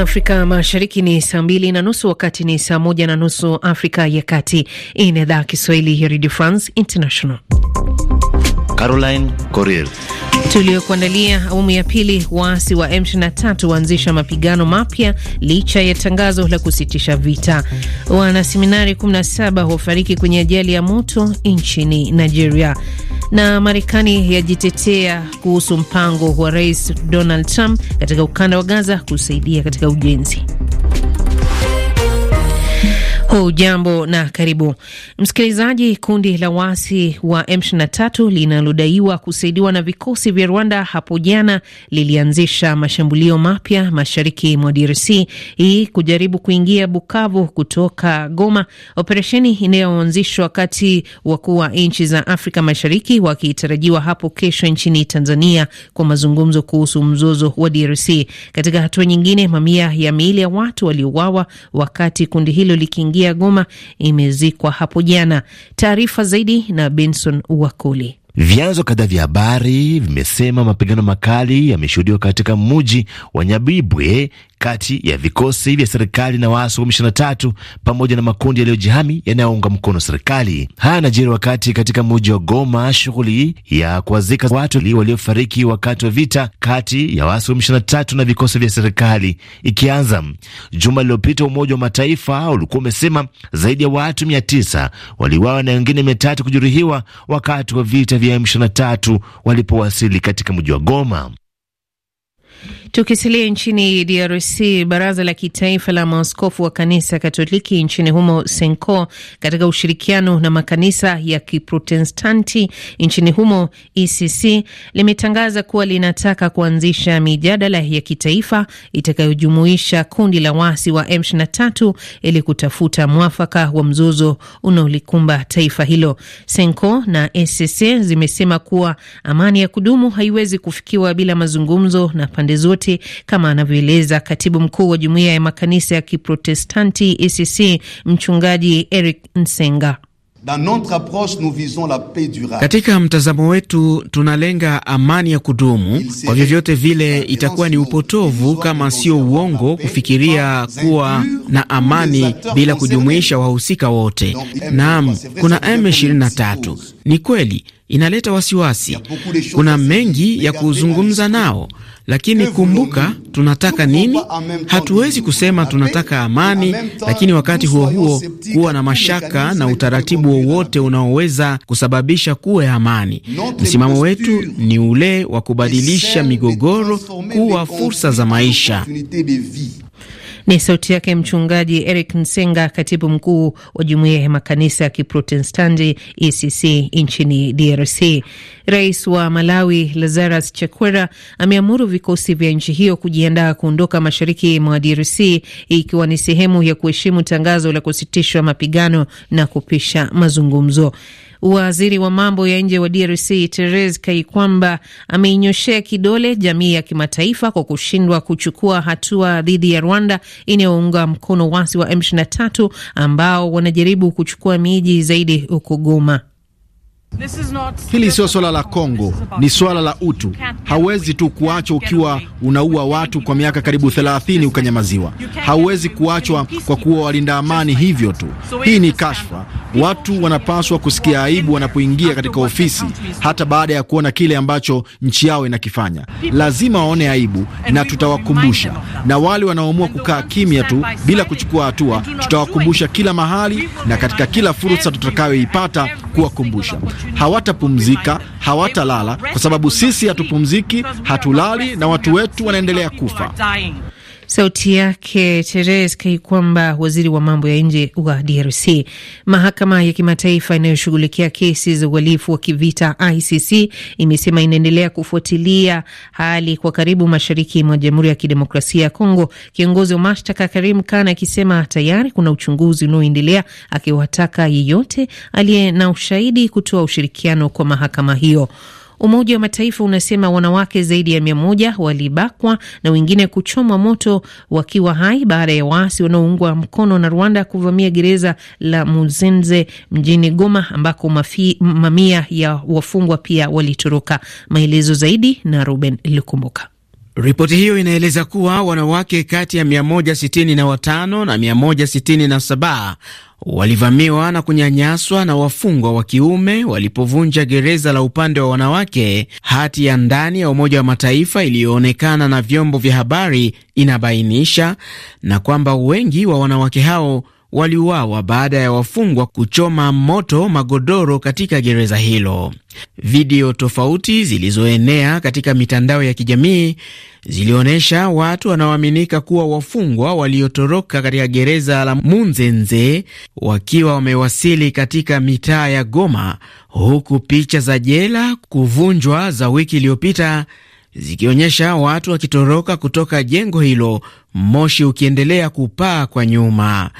Afrika Mashariki ni saa mbili na nusu, wakati ni saa moja na nusu Afrika ya Kati. Hii ni idhaa Kiswahili ya Redio France International. Caroline Coril Tuliyokuandalia awamu ya pili. Waasi wa M23 waanzisha mapigano mapya licha ya tangazo la kusitisha vita. Wanaseminari 17 wafariki kwenye ajali ya moto nchini Nigeria. Na Marekani yajitetea kuhusu mpango wa Rais Donald Trump katika ukanda wa Gaza kusaidia katika ujenzi. Hujambo na karibu msikilizaji. Kundi la waasi wa M23 linalodaiwa kusaidiwa na vikosi vya Rwanda hapo jana lilianzisha mashambulio mapya mashariki mwa DRC, hii kujaribu kuingia Bukavu kutoka Goma, operesheni inayoanzishwa wakati wakuu wa nchi za Afrika Mashariki wakitarajiwa hapo kesho nchini Tanzania kwa mazungumzo kuhusu mzozo wa DRC. Katika hatua nyingine, mamia ya miili ya watu waliouawa wakati kundi hilo likiingia ya Goma imezikwa hapo jana. Taarifa zaidi na Benson Wakoli. Vyanzo kadhaa vya habari vimesema mapigano makali yameshuhudiwa katika mji wa Nyabibwe kati ya vikosi vya serikali na waasi wa M23 pamoja na makundi yaliyojihami yanayounga mkono serikali. Haya yanajiri wakati katika muji wa Goma shughuli ya kuwazika watu waliofariki wakati wa vita kati ya waasi wa M23 na vikosi vya serikali ikianza. Juma lililopita Umoja wa Mataifa ulikuwa umesema zaidi ya watu mia tisa waliuawa na wengine mia tatu kujeruhiwa wakati wa vita vya M23 walipowasili katika mji wa Goma. Tukisalia nchini DRC, baraza la kitaifa la maaskofu wa kanisa Katoliki nchini humo SENCO katika ushirikiano na makanisa ya Kiprotestanti nchini humo ECC limetangaza kuwa linataka kuanzisha mijadala ya kitaifa itakayojumuisha kundi la wasi wa M23 ili kutafuta mwafaka wa mzozo unaolikumba taifa hilo. SENCO na ECC zimesema kuwa amani ya kudumu haiwezi kufikiwa bila mazungumzo na pande zote magazeti kama anavyoeleza katibu mkuu wa jumuiya ya makanisa ya Kiprotestanti ECC mchungaji Eric Nsenga. Katika mtazamo wetu tunalenga amani ya kudumu. Kwa vyovyote vile, itakuwa ni upotovu kama sio uongo kufikiria kuwa na amani bila kujumuisha wahusika wote. Naam, kuna M23. Ni kweli inaleta wasiwasi. Kuna mengi ya kuzungumza nao, lakini kumbuka, tunataka nini? Hatuwezi kusema tunataka amani, lakini wakati huo huo kuwa na mashaka na utaratibu wowote unaoweza kusababisha kuwe amani. Msimamo wetu ni ule wa kubadilisha migogoro kuwa fursa za maisha. Ni sauti yake mchungaji Eric Nsenga, katibu mkuu wa jumuiya ya makanisa ya Kiprotestanti ECC nchini DRC. Rais wa Malawi Lazarus Chakwera ameamuru vikosi vya nchi hiyo kujiandaa kuondoka mashariki mwa DRC, ikiwa ni sehemu ya kuheshimu tangazo la kusitishwa mapigano na kupisha mazungumzo. Waziri wa mambo ya nje wa DRC Therese kwamba ameinyoshea kidole jamii ya kimataifa kwa kushindwa kuchukua hatua dhidi ya Rwanda inayounga mkono wasi wa M23 ambao wanajaribu kuchukua miji zaidi huko Goma. Hili sio swala la Kongo, ni swala la utu. Hauwezi tu kuachwa ukiwa unaua watu kwa miaka karibu 30 ukanyamaziwa. Hauwezi kuachwa kwa kuwa walinda amani hivyo tu. Hii ni kashfa. Watu wanapaswa kusikia aibu wanapoingia katika ofisi, hata baada ya kuona kile ambacho nchi yao inakifanya. Lazima waone aibu, na tutawakumbusha. Na wale wanaoamua kukaa kimya tu bila kuchukua hatua, tutawakumbusha kila mahali na katika kila fursa tutakayoipata kuwakumbusha. Hawatapumzika, hawatalala, kwa sababu sisi hatupumziki, hatulali na watu wetu wanaendelea kufa. Sauti yake Therese Kai kwamba waziri wa mambo ya nje wa DRC. Mahakama ya kimataifa inayoshughulikia kesi za uhalifu wa kivita ICC imesema inaendelea kufuatilia hali kwa karibu mashariki mwa Jamhuri ya Kidemokrasia ya Kongo, kiongozi wa mashtaka Karim Khan akisema tayari kuna uchunguzi unaoendelea, akiwataka yeyote aliye na ushahidi kutoa ushirikiano kwa mahakama hiyo. Umoja wa Mataifa unasema wanawake zaidi ya mia moja walibakwa na wengine kuchomwa moto wakiwa hai baada ya waasi wanaoungwa mkono na Rwanda kuvamia gereza la Muzenze mjini Goma, ambako mafi, mamia ya wafungwa pia walitoroka. Maelezo zaidi na Ruben Lukumbuka. Ripoti hiyo inaeleza kuwa wanawake kati ya 165 na 167 walivamiwa na kunyanyaswa na wafungwa wa kiume walipovunja gereza la upande wa wanawake. Hati ya ndani ya Umoja wa Mataifa iliyoonekana na vyombo vya habari inabainisha na kwamba wengi wa wanawake hao waliuawa baada ya wafungwa kuchoma moto magodoro katika gereza hilo. Video tofauti zilizoenea katika mitandao ya kijamii zilionyesha watu wanaoaminika kuwa wafungwa waliotoroka katika gereza la Munzenze wakiwa wamewasili katika mitaa ya Goma, huku picha za jela kuvunjwa za wiki iliyopita zikionyesha watu wakitoroka kutoka jengo hilo, moshi ukiendelea kupaa kwa nyuma.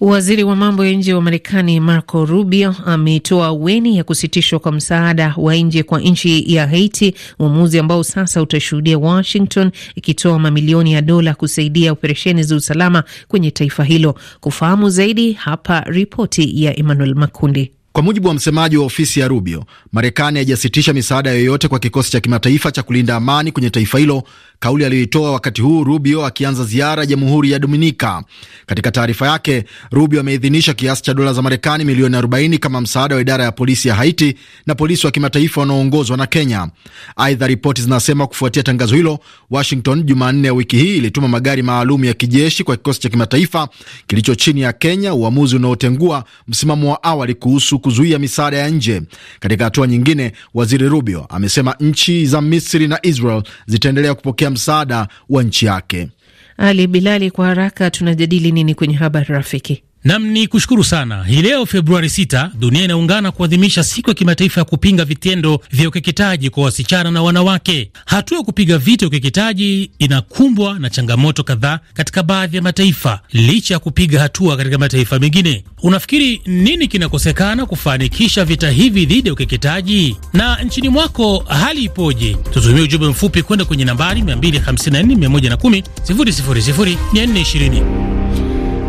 Waziri wa mambo ya nje wa Marekani Marco Rubio ametoa weni ya kusitishwa kwa msaada wa nje kwa nchi ya Haiti, uamuzi ambao sasa utashuhudia Washington ikitoa mamilioni ya dola kusaidia operesheni za usalama kwenye taifa hilo. Kufahamu zaidi, hapa ripoti ya Emmanuel Makundi. Kwa mujibu wa msemaji wa ofisi ya Rubio, Marekani haijasitisha misaada yoyote kwa kikosi cha kimataifa cha kulinda amani kwenye taifa hilo, kauli aliyoitoa wakati huu Rubio akianza ziara ya jamhuri ya Dominika. Katika taarifa yake, Rubio ameidhinisha kiasi cha dola za Marekani milioni 40 kama msaada wa idara ya polisi ya Haiti na polisi wa kimataifa wanaoongozwa na Kenya. Aidha, ripoti zinasema kufuatia tangazo hilo, Washington Jumanne ya wiki hii ilituma magari maalum ya kijeshi kwa kikosi cha kimataifa kilicho chini ya Kenya, uamuzi unaotengua msimamo wa awali kuhusu kuzuia misaada ya nje. Katika hatua nyingine, waziri Rubio amesema nchi za Misri na Israel zitaendelea kupokea msaada wa nchi yake. Ali Bilali, kwa haraka tunajadili nini kwenye habari rafiki? Nam ni kushukuru sana. Hii leo Februari 6 dunia inaungana kuadhimisha siku ya kimataifa ya kupinga vitendo vya ukeketaji kwa wasichana na wanawake. Hatua ya kupiga vita ya ukeketaji inakumbwa na changamoto kadhaa katika baadhi ya mataifa, licha ya kupiga hatua katika mataifa mengine. Unafikiri nini kinakosekana kufanikisha vita hivi dhidi ya ukeketaji? Na nchini mwako hali ipoje? Tutumie ujumbe mfupi kwenda kwenye nambari 254 110 000 420.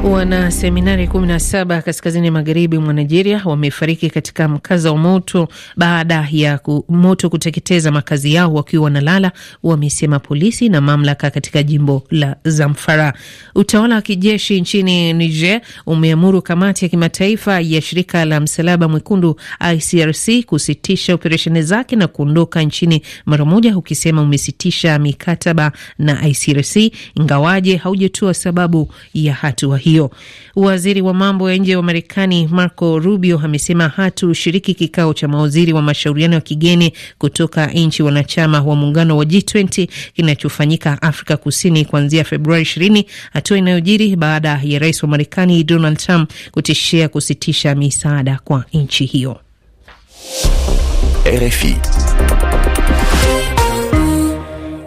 Wanaseminari 17 kaskazini magharibi mwa Nigeria wamefariki katika mkaza wa moto baada ya moto kuteketeza makazi yao wakiwa wanalala, wamesema polisi na mamlaka katika jimbo la Zamfara. Utawala wa kijeshi nchini Niger umeamuru kamati ya kimataifa ya shirika la msalaba mwekundu ICRC kusitisha operesheni zake na kuondoka nchini mara moja, ukisema umesitisha mikataba na ICRC, ingawaje haujatoa sababu ya hatua hii hiyo. Waziri wa mambo ya nje wa Marekani Marco Rubio amesema hatushiriki kikao cha mawaziri wa mashauriano ya kigeni kutoka nchi wanachama wa muungano wa G20 kinachofanyika Afrika Kusini kuanzia Februari 20, hatua inayojiri baada ya rais wa Marekani Donald Trump kutishia kusitisha misaada kwa nchi hiyo. RFI.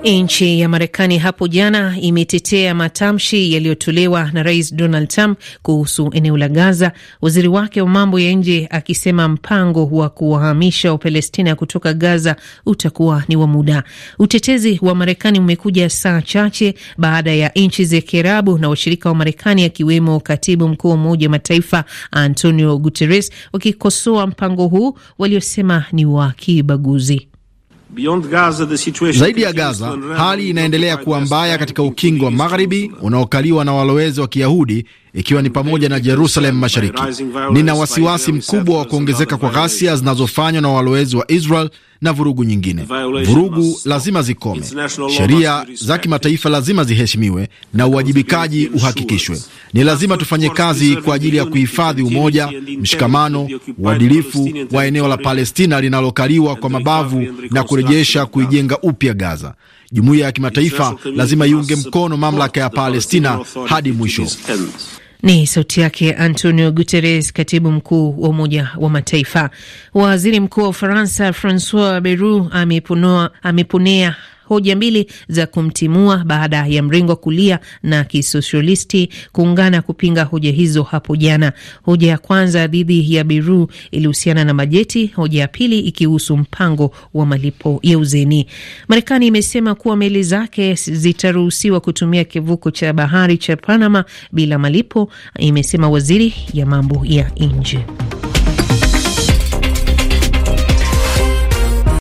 Nchi ya Marekani hapo jana imetetea matamshi yaliyotolewa na Rais Donald Trump kuhusu eneo la Gaza, waziri wake wa mambo ya nje akisema mpango wa kuwahamisha Wapalestina kutoka Gaza utakuwa ni wa muda. Utetezi wa Marekani umekuja saa chache baada ya nchi za Kiarabu na washirika wa Marekani akiwemo katibu mkuu wa Umoja wa Mataifa Antonio Guterres wakikosoa mpango huu waliosema ni wa kibaguzi zaidi ya Gaza hali inaendelea kuwa mbaya katika ukingo wa magharibi unaokaliwa na walowezi wa Kiyahudi ikiwa ni pamoja na Jerusalem Mashariki. Nina wasiwasi mkubwa wa kuongezeka kwa ghasia zinazofanywa na walowezi wa Israel na vurugu nyingine. Vurugu lazima zikome, sheria za kimataifa lazima ziheshimiwe na uwajibikaji uhakikishwe. Ni lazima tufanye kazi kwa ajili ya kuhifadhi umoja, mshikamano, uadilifu wa eneo la Palestina linalokaliwa kwa mabavu na kurejesha kuijenga upya Gaza. Jumuiya ya kimataifa lazima iunge mkono mamlaka ya Palestina hadi mwisho. Ni sauti yake Antonio Guterres, katibu mkuu wa Umoja wa Mataifa. Waziri Mkuu wa Ufaransa Francois Beru ameponea hoja mbili za kumtimua baada ya mrengo kulia na kisosialisti kuungana kupinga hoja hizo hapo jana. Hoja ya kwanza dhidi ya Biru ilihusiana na bajeti, hoja ya pili ikihusu mpango wa malipo ya uzeni. Marekani imesema kuwa meli zake zitaruhusiwa kutumia kivuko cha bahari cha Panama bila malipo, imesema waziri ya mambo ya nje.